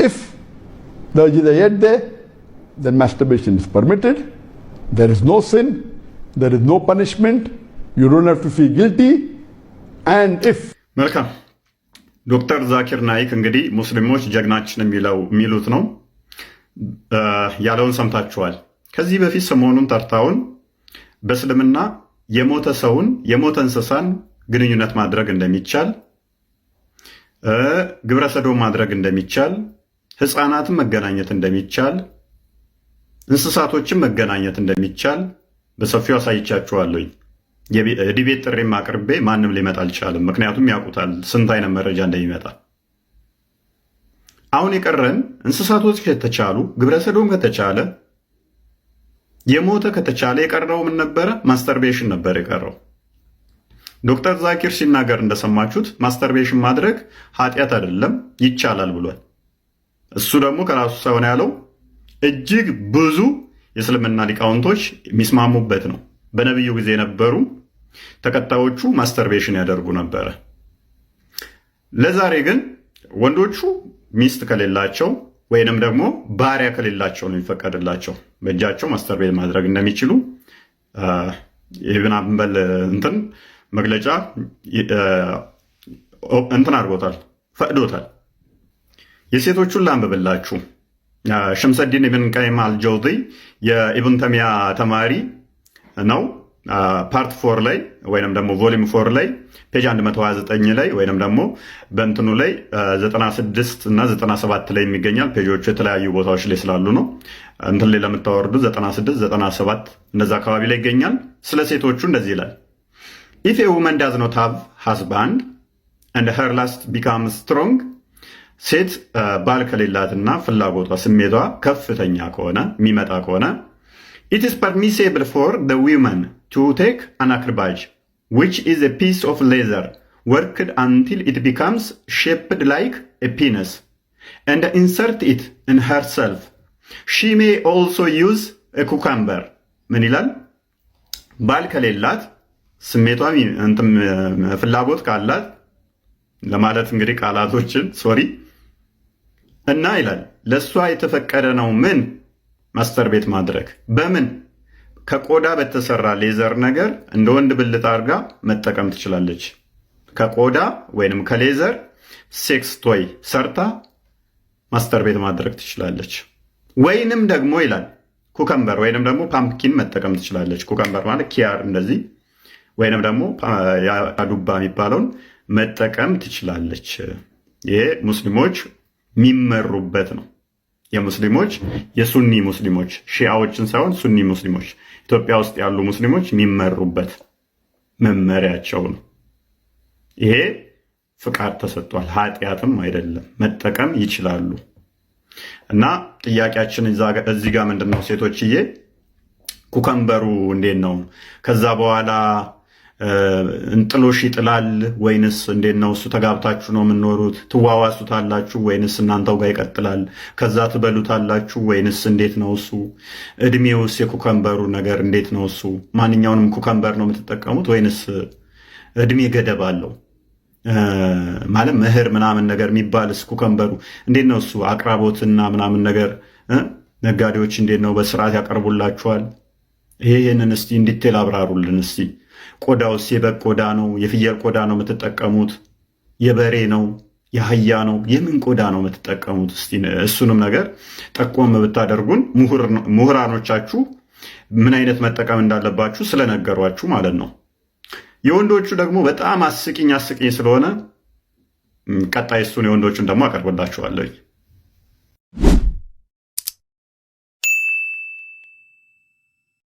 If urge is a yet there, then masturbation is permitted. There is no sin. There is no punishment. You don't have to feel guilty. And if... መልካም ዶክተር ዛኪር ናይክ እንግዲህ ሙስሊሞች ጀግናችን የሚሉት ነው ያለውን ሰምታችኋል። ከዚህ በፊት ሰሞኑን ተርታውን በእስልምና የሞተ ሰውን የሞተ እንስሳን ግንኙነት ማድረግ እንደሚቻል ግብረሰዶ ማድረግ እንደሚቻል ህፃናትን መገናኘት እንደሚቻል እንስሳቶችን መገናኘት እንደሚቻል በሰፊው አሳይቻችኋለኝ። የዲቤት ጥሪም አቅርቤ ማንም ሊመጣ አልቻለም። ምክንያቱም ያውቁታል ስንት አይነት መረጃ እንደሚመጣ። አሁን የቀረን እንስሳቶች ከተቻሉ፣ ግብረሰዶም ከተቻለ፣ የሞተ ከተቻለ የቀረው ምን ነበረ? ማስተርቤሽን ነበር የቀረው። ዶክተር ዛኪር ሲናገር እንደሰማችሁት ማስተርቤሽን ማድረግ ኃጢአት አይደለም ይቻላል ብሏል። እሱ ደግሞ ከራሱ ሳይሆን ያለው እጅግ ብዙ የእስልምና ሊቃውንቶች የሚስማሙበት ነው። በነቢዩ ጊዜ የነበሩ ተከታዮቹ ማስተርቤሽን ያደርጉ ነበረ። ለዛሬ ግን ወንዶቹ ሚስት ከሌላቸው ወይንም ደግሞ ባሪያ ከሌላቸው ነው የሚፈቀድላቸው። በእጃቸው ማስተርቤት ማድረግ እንደሚችሉ ይብናበል እንትን መግለጫ እንትን አድርጎታል፣ ፈቅዶታል። የሴቶቹን ላንብብላችሁ። ሸምሰዲን ኢብን ቀይም አልጀውዚ የኢብን ተሚያ ተማሪ ነው። ፓርት ፎር ላይ ወይም ደግሞ ቮሊም ፎር ላይ ፔጅ 129 ላይ ወይም ደግሞ በእንትኑ ላይ 96 እና 97 ላይ የሚገኛል። ፔጆቹ የተለያዩ ቦታዎች ላይ ስላሉ ነው። እንትን ላይ ለምታወርዱ 96፣ 97 እንደዛ አካባቢ ላይ ይገኛል። ስለ ሴቶቹ እንደዚህ ይላል። ኢፍ ኤ ውመን ዳዝ ኖት ሃቭ ሃዝባንድ ኤንድ ሄር ላስት ቢካም ስትሮንግ ሴት ባል ከሌላትና ፍላጎቷ ስሜቷ ከፍተኛ ከሆነ የሚመጣ ከሆነ ኢት ኢስ ፐርሚሴብል ፎር ደ ዊመን ቱ ቴክ አን አክርባጅ ዊች ኢዝ ኤ ፒስ ኦፍ ሌዘር ወርክድ አንቲል ኢት ቢካምስ ሼፕድ ላይክ ኤ ፒነስ ኤንድ ኢንሰርት ኢት ኢን ሄርሰልፍ ሺ ሜይ ኦልሶ ዩዝ ኤ ኩካምበር። ምን ይላል? ባል ከሌላት ስሜቷ ፍላጎት ካላት ለማለት እንግዲህ ቃላቶችን ሶሪ እና ይላል ለእሷ የተፈቀደ ነው ምን ማስተር ቤት ማድረግ በምን ከቆዳ በተሰራ ሌዘር ነገር እንደ ወንድ ብልት አድርጋ መጠቀም ትችላለች። ከቆዳ ወይንም ከሌዘር ሴክስ ቶይ ሰርታ ማስተር ቤት ማድረግ ትችላለች። ወይንም ደግሞ ይላል ኩከምበር ወይንም ደግሞ ፓምፕኪን መጠቀም ትችላለች። ኩከምበር ማለት ኪያር እንደዚህ ወይንም ደግሞ አዱባ የሚባለውን መጠቀም ትችላለች። ይሄ ሙስሊሞች የሚመሩበት ነው። የሙስሊሞች የሱኒ ሙስሊሞች ሺያዎችን ሳይሆን ሱኒ ሙስሊሞች ኢትዮጵያ ውስጥ ያሉ ሙስሊሞች የሚመሩበት መመሪያቸው ነው። ይሄ ፍቃድ ተሰጥቷል፣ ኃጢአትም አይደለም፣ መጠቀም ይችላሉ። እና ጥያቄያችን እዚህ ጋር ምንድነው? ሴቶችዬ ኩከምበሩ እንዴት ነው ከዛ በኋላ እንጥሎሽ ይጥላል ወይንስ እንዴት ነው እሱ? ተጋብታችሁ ነው የምኖሩት? ትዋዋሱታላችሁ ወይንስ እናንተው ጋር ይቀጥላል? ከዛ ትበሉታላችሁ ወይንስ እንዴት ነው እሱ? እድሜውስ የኩከንበሩ ነገር እንዴት ነው እሱ? ማንኛውንም ኩከንበር ነው የምትጠቀሙት ወይንስ እድሜ ገደብ አለው? ማለት ምህር ምናምን ነገር የሚባልስ ኩከንበሩ እንዴት ነው እሱ? አቅራቦትና ምናምን ነገር ነጋዴዎች እንዴት ነው በስርዓት ያቀርቡላችኋል? ይህንን እስቲ እንዲቴል አብራሩልን እስቲ። ቆዳውስ የበግ ቆዳ ነው? የፍየል ቆዳ ነው የምትጠቀሙት? የበሬ ነው? የአህያ ነው? የምን ቆዳ ነው የምትጠቀሙት? እሱንም ነገር ጠቆም ብታደርጉን ምሁራኖቻችሁ ምን አይነት መጠቀም እንዳለባችሁ ስለነገሯችሁ ማለት ነው። የወንዶቹ ደግሞ በጣም አስቂኝ አስቂኝ ስለሆነ ቀጣይ እሱን የወንዶቹን ደግሞ አቀርብላችኋለሁ።